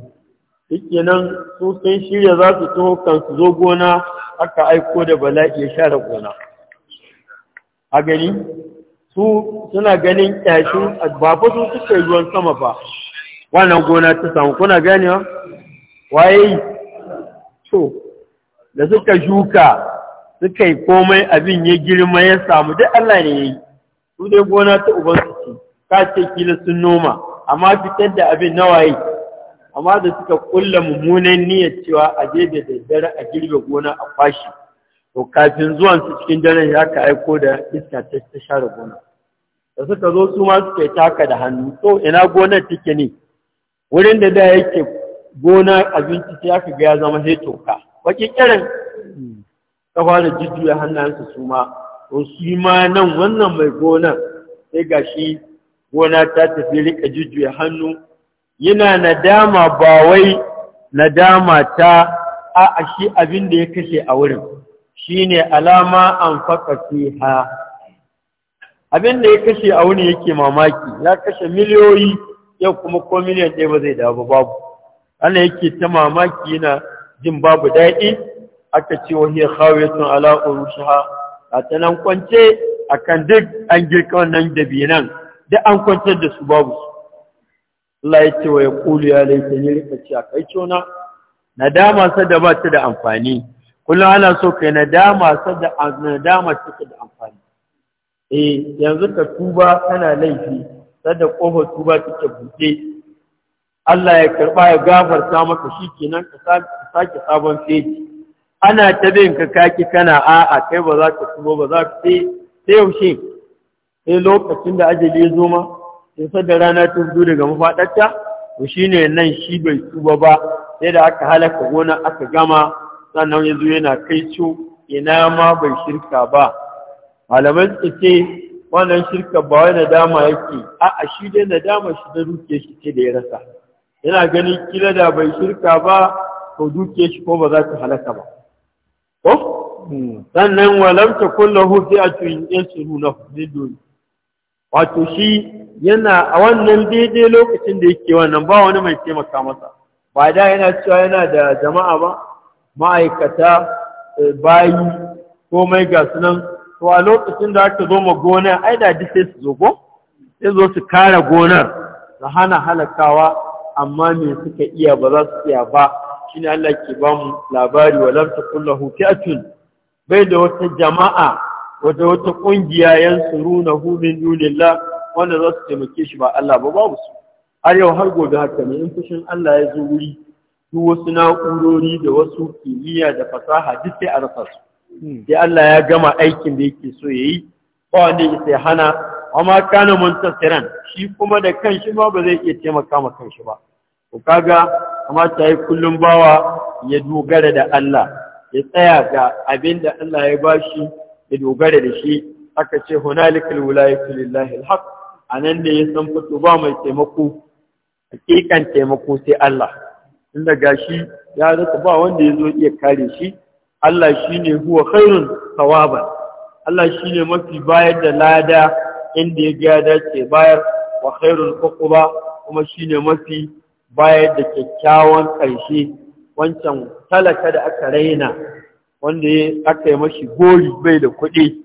Duk kenan su sun shirya za su taho kan su zo gona aka aiko da bala'i ya share gona. A gani, su suna ganin ƙyashi ba fa su suka ruwan sama ba, wannan gona ta samu kuna gani ganewa? Waye to, da suka shuka suka yi komai abin ya girma ya samu dai Allah ne ya yi, su dai gona ta ubansu ce, ka ce kila sun noma. amma fitar da abin nawaye amma da suka kulla mummunan niyyar cewa a je da daddare a girbe gona a fashi to kafin zuwan su cikin daren ya ka aiko da iska ta share gona da suka zo su ma suka taka da hannu to ina gonar take ne wurin da da yake gona abinci sai aka ga ya zama sai toka waki kiran ta fara jujjuya hannayensu su ma to su ma nan wannan mai gona sai gashi gona ta tafi rika jujjuya hannu yana nadama ba wai nadama ta a shi abin da ya kashe a wurin shine alama an faka fiha abin da ya kashe a wurin yake mamaki ya kashe miliyoyi yau kuma ko miliyan ɗaya ba zai dawo babu ana yake ta mamaki yana jin babu daɗi aka ce wa hiya khawiyatun ala urushiha A tanan kwance akan duk an girka wannan dabinan da an kwantar da su babu su Allah ya ce wa ya ƙulu ya laifin yi rika ce a kai cona nadama sada ba ta da amfani kullum ana so kai nadama sada nadama take da amfani eh yanzu ka tuba kana laifi sada ƙofa tuba take buɗe Allah ya karɓa ya gafarta maka shikenan ka sake sabon feji ana ta bin ka kaki kana a'a kai ba za ka tuba ba za ka sai eh, yaushe sai lokacin da ajali ya zo ma sai da rana ta zo daga mafaɗarta to shine nan shi bai tuba ba sai da aka halaka gona aka gama sannan ya zo yana kai co ina ma bai shirka ba malamai suka ce wannan shirka ba wai nadama yake a'a shi dai nadama shi da shi ce da ya rasa yana ganin kila da bai shirka ba to duke shi ko ba za ta halaka ba ko hmm. sannan walam takun lahu fi'atun yansuruna min duni wato shi yana a wannan daidai lokacin da yake wannan ba wani mai taimaka masa ba da yana cewa yana da jama'a ba ma'aikata eh, bayi komai ga sunan to a lokacin da aka zo ma gona, ai da duk sai su zo ko sai zo su kare gonar su hana halakawa amma me suka iya ba za su iya ba shine Allah ke ba mu labari lam takullahu fi'atun bai da wata jama'a wata wata na yansurunahu min la wanda za su taimake shi ba Allah ba babu su har yau har gobe haka ne in fushin Allah ya zo wuri duk wasu na'urori da wasu kimiyya da fasaha duk sai a rasa su hmm. sai Allah ya gama aikin da yake so yayi ba wanda ya sai hana amma kana muntasiran shi kuma da kanshi ma ba zai iya taimaka ma kanshi ba ko kaga amma ta yi kullum bawa ya dogara da Allah ya tsaya ga abin da Allah ya bashi ya dogara da shi aka ce hunalikul wilayatu lillahi alhaq anan ne ya san fito ba mai taimako hakikan taimako sai Allah inda gashi ya zata ba wanda ya zo iya kare shi Allah shine huwa khairun thawaban Allah shine mafi bayar da lada inda ya ga dace bayar wa khairul uquba kuma shine mafi bayar da kyakkyawan ƙarshe wancan talaka da aka raina wanda ya aka yi mashi gori bai da kuɗi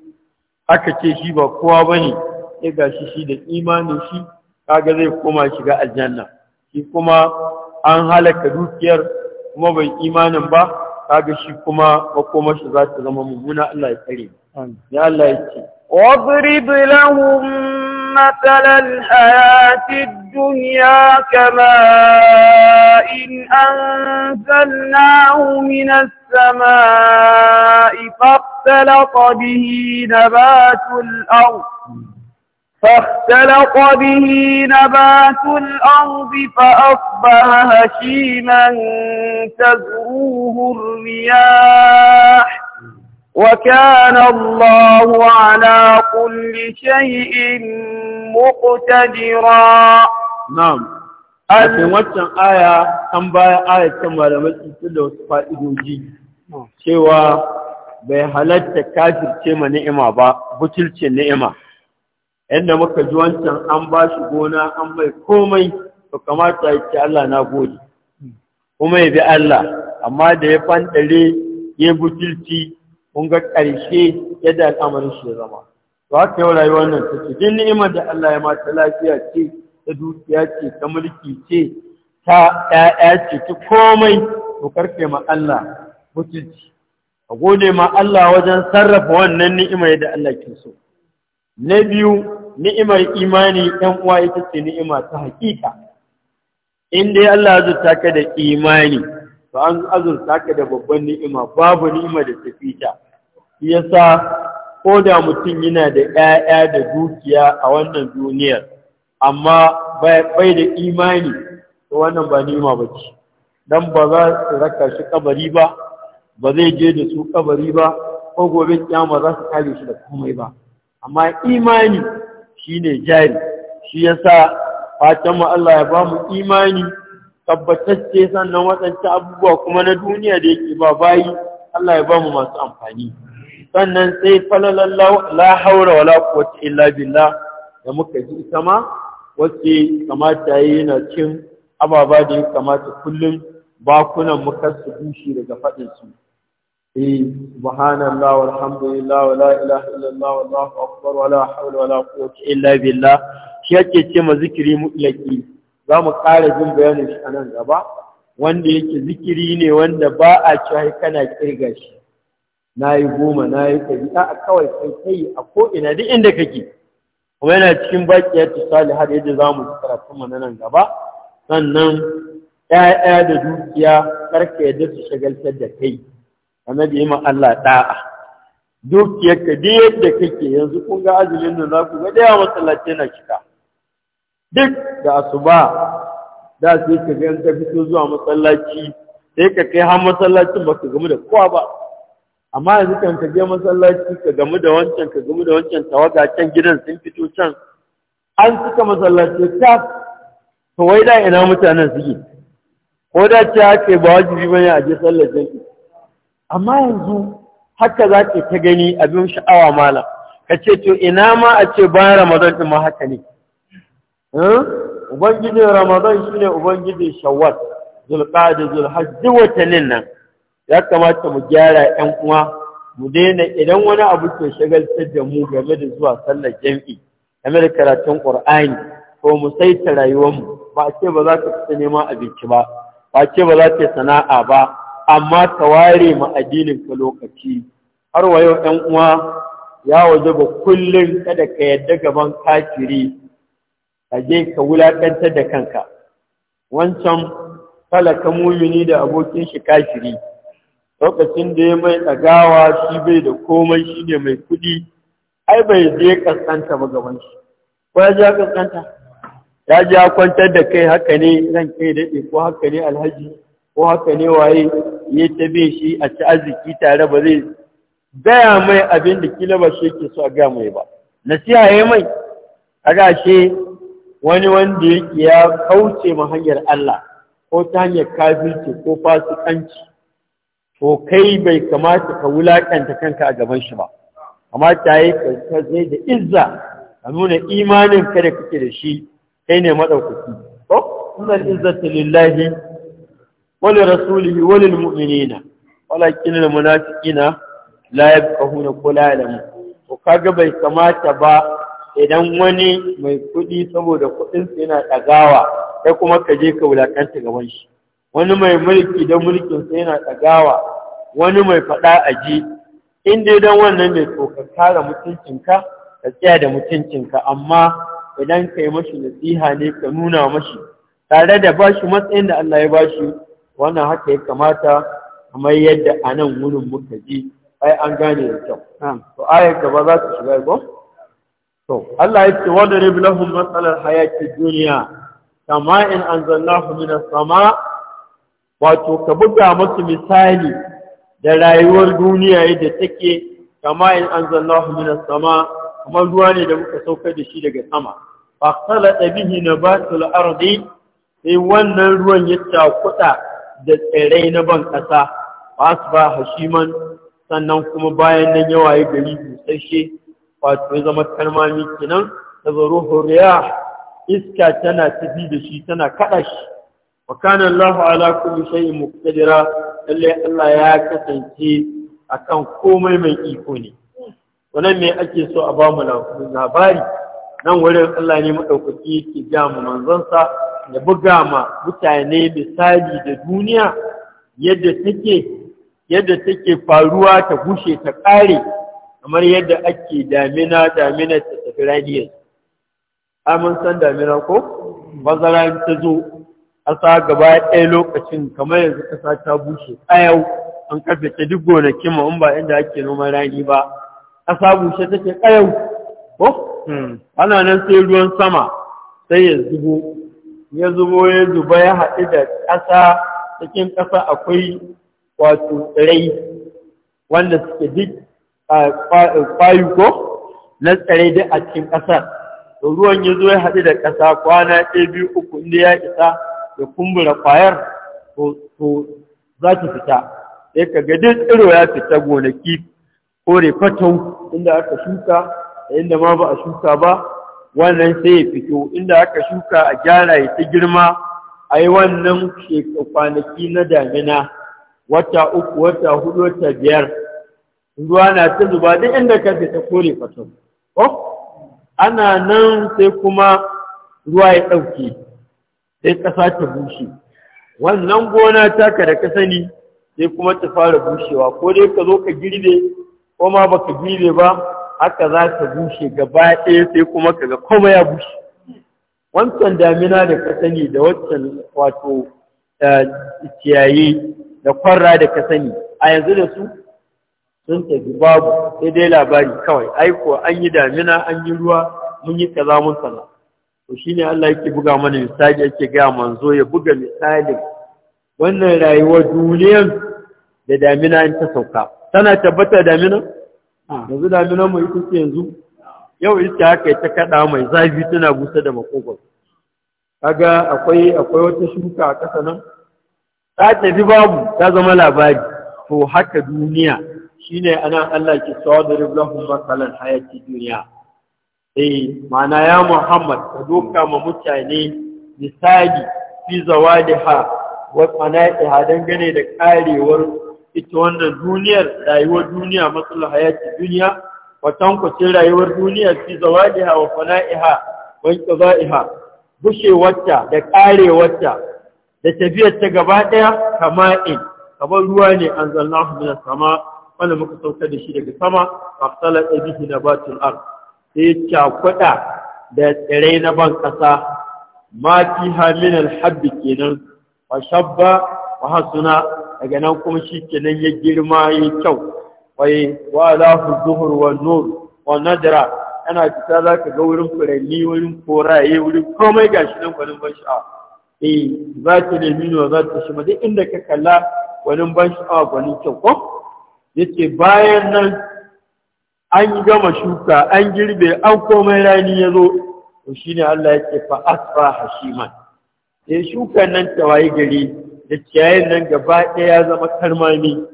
aka ce shi ba kowa ba ne ya gashi shi da imanin shi kaga zai koma shiga aljanna shi kuma an halaka dukiyar kuma bai imanin ba kaga shi kuma makoma shi za ta zama mummuna Allah ya tsare ya Allah ya ce واضرب لهم مثل الحياة الدنيا كماء إن أنزلناه من السماء فاختلط به نبات الأرض فاختلط به نبات الأرض فأصبح هشيما تزروه الرياح وكان الله على كل شيء مقتدرا نعم Kafin waccan aya an baya ayar ta malamai sun da wasu fa'idoji cewa bai halarta kafirce ma ni'ima ba, butulce ni'ima. Yadda muka ji wancan an ba shi gona an mai komai, to kamata ya Allah na gode, kuma ya bi Allah, amma da ya fanɗare ya butulci kun ga ƙarshe yadda al'amarin shi ya zama to haka yau rayuwar nan ta ce duk ni'imar da Allah ya mata lafiya ce ta dukiya ce ta mulki ce ta ƴaƴa ce ta komai to karfe ma Allah mutunci a gode ma Allah wajen sarrafa wannan ni'imar da Allah ke so na biyu ni'imar imani ɗan uwa ita ce ni'ima ta hakika in dai Allah azurta ka da imani to an azurta ka da babban ni'ima babu ni'ima da tafita. ta yasa ko da mutum yana da ‘ya'ya da dukiya a wannan duniyar amma bai da imani wannan ba nima ba ce don ba za su raka shi kabari ba ba zai je da su kabari ba ko gobe kyama za su kare shi da komai ba amma imani shi ne jari shi yasa fatan mu Allah ya ba mu imani tabbatacce sannan waɗancan abubuwa kuma na duniya da yake ba bayi Allah ya ba mu masu amfani sannan sai falalallahu la haura wala quwwata illa billah da muka ji ita ma wace kamata yi yana cin ababa da ya kamata kullum bakunan mu kar su bushe daga faɗin su eh subhanallah walhamdulillah wala ilaha illallah wallahu akbar wala haula wala quwwata illa billah shi yake ce ma zikiri mutlaki za mu ƙara jin bayanin shi a nan gaba wanda yake zikiri ne wanda ba a cewa kana kirga shi na yi goma na yi ɗari a kawai kai kai a ko'ina duk inda kake kuma yana cikin baƙiyar sali har yadda za mu karatu mana na nan gaba sannan ‘ya'ya da dukiya karka yadda su shagaltar da kai annabi yi ma Allah ɗa'a dukiyarka duk yadda kake yanzu kun ga azumin nan za ku ga da yawa masallaci na cika. duk da asuba da sai ka ga ka fito zuwa masallaci sai ka kai har masallacin ba ka gamu da kowa ba amma yanzu kan ka je masallaci ka gamu da wancan ka gamu da wancan tawaga can gidan sun fito can an suka masallaci ta to wai da ina mutanen suke ko da ce ake ba wajibi ne a je sallar jami'i amma yanzu haka za ke ta gani abin sha'awa malam ka ce to ina ma a ce bayan ramadan ɗin ma haka ne hmm? ubangijin ramadan shine ubangijin shawwal zulqa'da zulhajj watannin nan ya kamata mu gyara ‘yan uwa mu daina idan wani abu ke shagaltar da mu game da zuwa sallar jam'i game da karatun ƙur'ani ko mu saita mu, ba a ce ba za ka fita neman abinci ba ba ce ba za ka yi sana'a ba amma ka ware ma addinin ka lokaci har wa yau ‘yan uwa ya waje ba kullum kada ka yadda gaban kafiri ka je ka wulaƙantar da kanka wancan talaka mumini da abokin shi kafiri lokacin da ya mai ɗagawa shi bai da komai shi ne mai kuɗi ai bai je ƙasƙanta ba gaban shi ko ya ja ƙasƙanta ya ja kwantar da kai haka ne zan kai daɗe ko haka ne alhaji ko haka ne waye ya ta bin shi a ci arziki tare ba zai gaya mai abin da kila ba shi yake so a gaya mai ba nasiha ya mai a gashe wani wanda yake ya kauce ma hanyar Allah ko ta hanyar kafirci ko fasikanci to kai bai kamata ka wulaƙanta kanka a gaban shi ba kamata yi ka zai da izza a nuna imanin ka da kake da shi kai ne maɗaukaki ko innal izzata lillahi wa li rasulihi wa lil mu'minina walakin al munafiqina la yafqahuna ko to kaga bai kamata ba idan wani mai kuɗi saboda kuɗinsa yana ɗagawa kai kuma ka je ka wulaƙanta gaban shi wani mai mulki da mulkinsa yana tsagawa wani mai faɗa a ji in don wannan ne to ka kare mutuncinka ka tsaya da mutuncinka amma idan ka yi mashi nasiha ne ka nuna mashi tare da bashi matsayin da Allah ya ba shi wannan haka ya kamata kamar yadda a nan wurin muka ji ai an gane da kyau to ayar gaba za ta shiga ba to Allah ya ce wadda rabu lahum matsalar hayati duniya kama in anzalnahu minas sama wato ka buga masu misali da rayuwar duniya yadda take kama in anzalnahu minas sama kamar ruwa ne da muka saukar da shi daga sama Ba fa na ba su la'arzi sai wannan ruwan ya takuta da tsirrai na ban ƙasa. Ba su asba hashiman sannan kuma bayan nan yawa ya gari busasshe wato ya zama kalmami kenan zaro horiya iska tana tafi da shi tana kaɗa shi wa kana Allahu ala kulli shay'in muqtadira lalle Allah ya kasance akan komai mai iko ne wannan me ake so a bamu labari nan wurin Allah ne madaukaki yake ga mu manzonsa ya buga ma mutane misali da duniya yadda take yadda take faruwa ta gushe ta kare kamar yadda ake damina damina ta tafi raniyar amin san damina ko bazara ta zo ƙasa gaba ɗaya lokacin kamar yanzu ƙasa ta bushe ƙayau an ta duk gonakin ma'un ba inda ake noman rani ba ƙasa bushe take ƙayau ko hmm. ana nan sai ruwan sama sai ya zubo ya zubo ya zuba ya haɗu da ƙasa cikin ƙasa akwai wato tsirai wanda suke duk ƙwayo ko na tsirai duk a cikin ƙasar ruwan ya zo ya haɗu da ƙasa kwana ɗaya biyu uku inda ya isa ya kumbura kwayar to za ta fita sai ka ga duk tsiro ya fita gonaki kore fatau inda aka shuka da inda ma ba a shuka ba wannan sai ya fito inda aka shuka a gyara ya ta girma a yi wannan kwanaki na damina wata uku wata hudu wata biyar ruwa na ta zuba duk inda ka fita kore fatau ana nan sai kuma ruwa ya ɗauke sai ƙasa ta bushe wannan gona taka da ka sani sai kuma ta fara bushewa ko dai ka zo ka girbe ko ma baka girbe ba haka za ka bushe gaba ɗaya sai kuma ka ga, kuma ya bushe wancan damina da ka sani da wancan wato eh, ciyayi da kwarra da ka sani a yanzu da su sun tafi babu sai dai labari kawai aiko an yi damina an yi ruwa mun yi kaza mun sana to ne Allah yake buga mana misali yake ga manzo ya buga misali wannan rayuwar duniyar da damina ta sauka tana tabbata damina ah. yanzu damina mu ita ce yanzu yau iska haka ta kada mai zafi tana busa da makogwaro kaga akwai akwai wata shuka a ƙasa nan ta tafi babu ta zama labari to haka duniya shine anan Allah ke sawadar lahum masalan hayati duniya eh mana ya Muhammad ka doka ma mutane misali fi zawadiha wa qana'iha dangane da karewar ita wannan duniyar rayuwar duniya matsalar hayati duniya wa tankucin rayuwar duniya fi zawadiha wa qana'iha wa inqida'iha bushewarta da karewarta da tafiyar ta gaba daya kama'in kamar ruwa ne anzalnahu minas sama wanda muka sauka da shi daga sama fa khalaqa bihi nabatul ardh sai cakuɗa da tsirai na ban ƙasa ma fi haminal habbi kenan wa shabba wa hasuna daga nan kuma shi kenan ya girma ya kyau wai wa za ku zuhur wa nur wa nadra ana fita za ka ga wurin furanni wurin koraye wurin komai gashi nan gwanin ban sha'a eh za ta nemi wa za ta shi duk inda ka kalla gwanin ban sha'a gwanin kyau ko yace bayan nan an gama shuka an girbe an komai rani ya zo to shine Allah ya fa asfa hashiman ya shuka nan ta gari da ciyayin nan gaba ɗaya ya zama karmami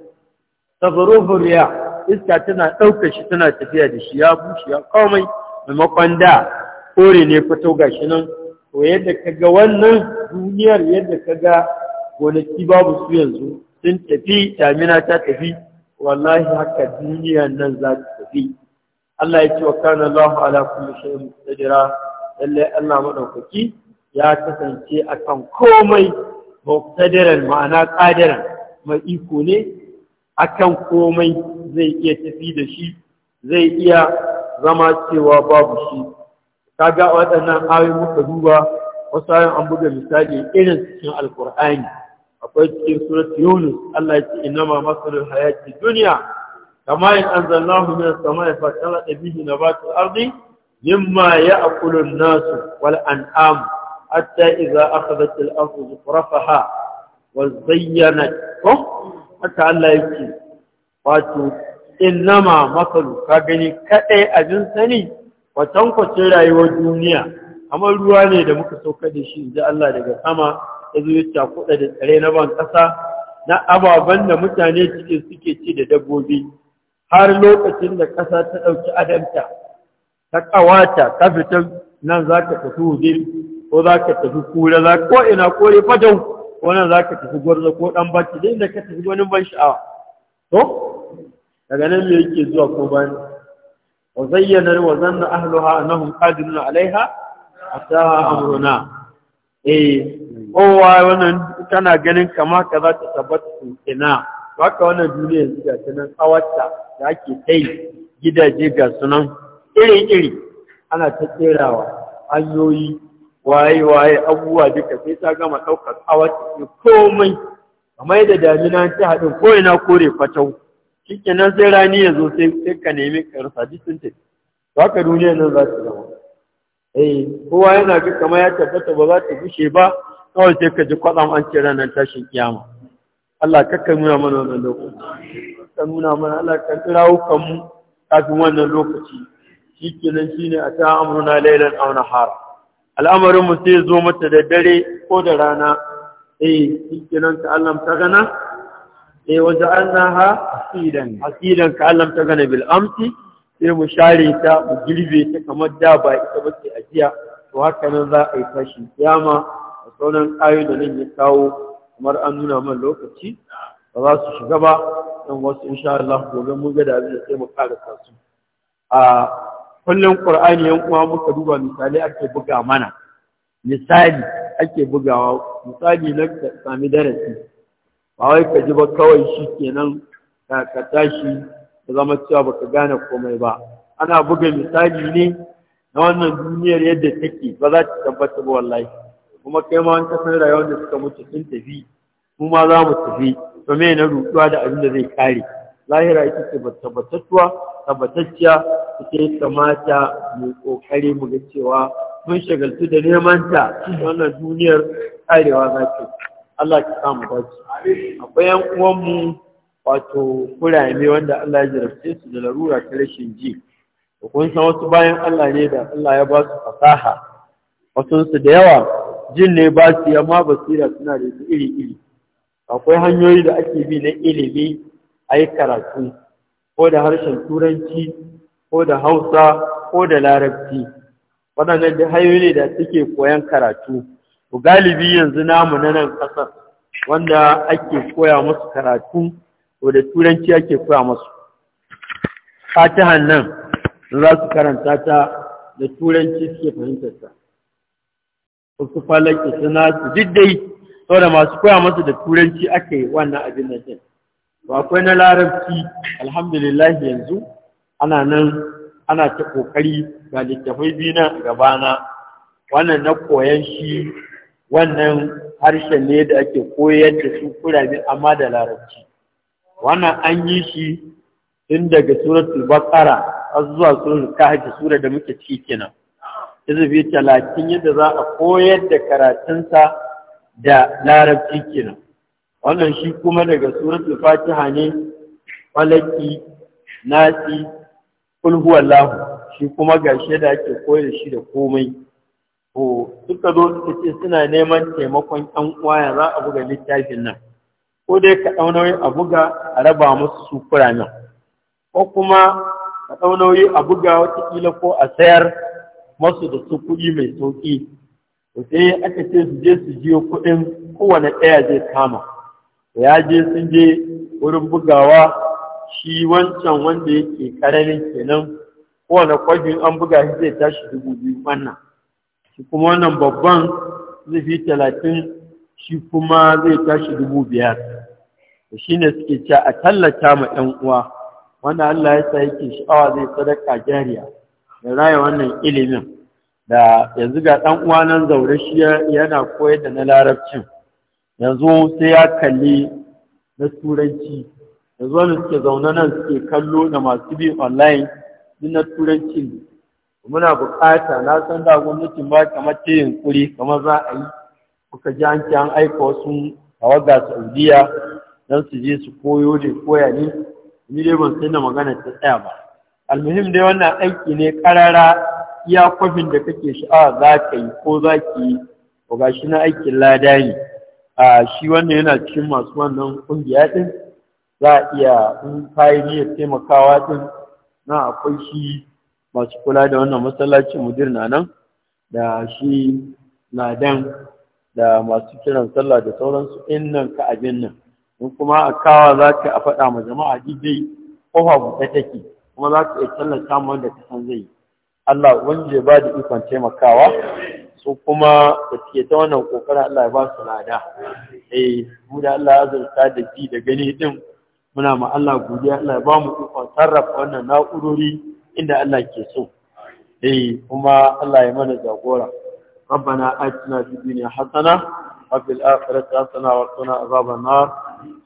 tazaruhu huriya iska tana ɗaukar shi tana tafiya da shi ya bushe ya komai maimakon da kore ne fito shi nan to yadda ka ga wannan duniyar yadda ka ga gonaki babu su yanzu sun tafi damina ta tafi wallahi haka duniya nan za ta tafi Allah ya ce wa kana ala kulli shay'in muqtadira lalle Allah madaukaki ya kasance akan komai muqtadiran ma'ana qadiran mai iko ne akan komai zai iya tafi da shi zai iya zama cewa babu shi kaga waɗannan ayoyi muka duba wasu ayoyin an buga misali irin cikin alkur'ani akwai cikin surat yunus Allah ya ce inama masalul hayaki duniya kama in anzalnahu min as-samai fa da bihi nabatu al-ardi mimma ya'kulu an-nasu wal an'am hatta idza akhadhat al-ardu zukhrafaha wa zayyanat hatta Allah yake wato ma masalu ka gani kadai abin sani watankwacin rayuwar duniya amma ruwa ne da muka sauka da shi ji Allah daga sama ya zo da tsare na ban ƙasa na ababen da mutane cikin suke ci da dabbobi har lokacin da ƙasa ta ɗauki adamta ta ƙawata ta fita nan za ka tafi hudin ko za ka tafi kura za ko ina kore fadau ko nan za ka tafi gwarzo ko ɗan baki da inda ka tafi wani ban sha'awa to daga nan me yake zuwa ko bayan wa zayyana wa zanna ahluha annahum qadiruna alaiha ataha amruna eh kowa wannan tana ganin kama ka za ta tabbata su ina haka wannan duniya yanzu ga sunan tsawarta da ake kai gidaje ga sunan iri-iri ana ta tserawa hanyoyi waye-waye abubuwa duka sai ta gama ɗaukar tsawarta ke komai kamar yadda damina ta haɗin ko kore fatau shi kenan sai rani ya zo sai ka nemi karsa jisinta Ba ka duniya nan za su zama eh kowa yana ga kamar ya tabbata ba za ta bushe ba kawai sai ka ji kwatsam an ce ranar tashin kiyama Allah kakka nuna mana wannan lokaci ka nuna mana Allah kan kirawo kanmu kafin wannan lokaci shi kenan shine a ta amurna lailan aw nahar al'amarin Al'amarinmu sai zo mata da dare ko da rana eh shi kenan ka Allah ta gana eh wajen annaha asidan asidan ka Allah ta gana bil amsi sai mu share ta mu girbe ta kamar da ba ita ce ajiya to haka nan za a yi tashin kiyama sauran ayoyi da nan ya kawo kamar an nuna man lokaci ba za su shiga ba don wasu insha Allah gobe mun ga da abin da sai mu kada kansu a kullum Qur'ani yan uwa muka duba misali ake buga mana misali ake bugawa misali na ka sami darasi ba wai ka ji ba kawai shi kenan ka ka tashi ka zama cewa ba ka gane komai ba ana buga misali ne na wannan duniyar yadda take ba za ta tabbata ba wallahi kuma kai ma an kasan rayuwa da suka mutu sun tafi mu ma za mu tafi to me na rutuwa da abin da zai kare lahira ita ce tabbatattuwa tabbatacciya ita ya kamata mu kokari mu ga cewa mun shagaltu da neman ta wannan duniyar karewa za ta Allah ki sa mu dace akwai yan uwan mu wato kurame wanda Allah ya jarabce su da larura ta rashin ji kun san wasu bayan Allah ne da Allah ya ba su fasaha wasu su da yawa jin ne ba su amma basira suna da su iri-iri akwai hanyoyi da ake bi na ilimi a yi karatu ko da harshen turanci ko da hausa ko da larabci waɗannan da hanyoyi ne da suke koyan karatu galibi yanzu namu na nan ƙasar wanda ake koya musu karatu ko da turanci ake koya musu fatihan nan za su karanta ta da turanci suke fahimtar ta. wasu falaki suna su diddai da masu koya masu da turanci aka yi wannan abin da shan ba akwai na larabci alhamdulillah yanzu ana nan ana ta kokari ga littafai biyu na gabana wannan na koyan shi wannan harshen ne da ake koyar da su kurame amma da larabci wannan an yi shi tun daga suratul har zuwa suratul kahf sura da muke ciki kenan izubi talatin yadda za a koyar da karatunsa da larabci kenan wannan shi kuma daga suratul fatiha ne falaki nasi kulhuwallahu shi kuma gashe da ake koyar shi da komai ko suka zo suka ce suna neman taimakon ɗan uwa za a buga littafin nan ko dai ka ɗau a buga a raba musu su kuramin ko kuma ka ɗau a buga watakila ko a sayar masu da su kuɗi mai sauƙi sai aka ce su je su jiyo kuɗin kowane ɗaya zai kama ya je sun je wurin bugawa shi wancan wanda yake ƙaramin kenan kowane ƙwajin an buga shi zai tashi dubu biyu wannan shi kuma wannan babban zai fi talatin shi kuma zai tashi dubu biyar shi ne suke cewa a tallata ma 'yan uwa wanda Allah ya sa yake sha'awa zai sadaka jariya ya raya wannan ilimin da yanzu ga ɗan uwanan zaure shi yana koyar da na larabcin yanzu sai ya kalli na turanci yanzu wani suke zaune nan suke kallo da masu bi online din na turanci muna bukata na san da gwamnatin ba kamar ta yunkuri kamar za a yi kuka ji an an aika wasu tawaga saudiya don su je su koyo da koya ne ni dai ban sai na magana ta tsaya ba almuhim dai wannan aiki ne karara iya kwafin da kake sha'awa za ka yi ko za ki yi ko ga shi na aikin lada ne a shi wannan yana cikin masu wannan ƙungiya ɗin. za a iya in kayi niyyar taimakawa din na akwai shi masu kula da wannan masallacin mudir na nan da shi ladan da masu kiran sallah da sauransu in nan ka abin nan in kuma a kawa za ka a faɗa ma jama'a dai kofa buɗe take kuma za ka iya tallata mu wanda ka san zai yi Allah wanda ba da ikon taimakawa su kuma da suke ta wannan kokarin Allah ya ba su lada eh mu da Allah zarta da ji da gani din muna ma Allah godiya Allah ya ba mu ikon sarrafa wannan na'urori inda Allah ke so eh kuma Allah ya mana jagora ربنا آتنا في الدنيا حسنة وفي الآخرة حسنة وقنا عذاب النار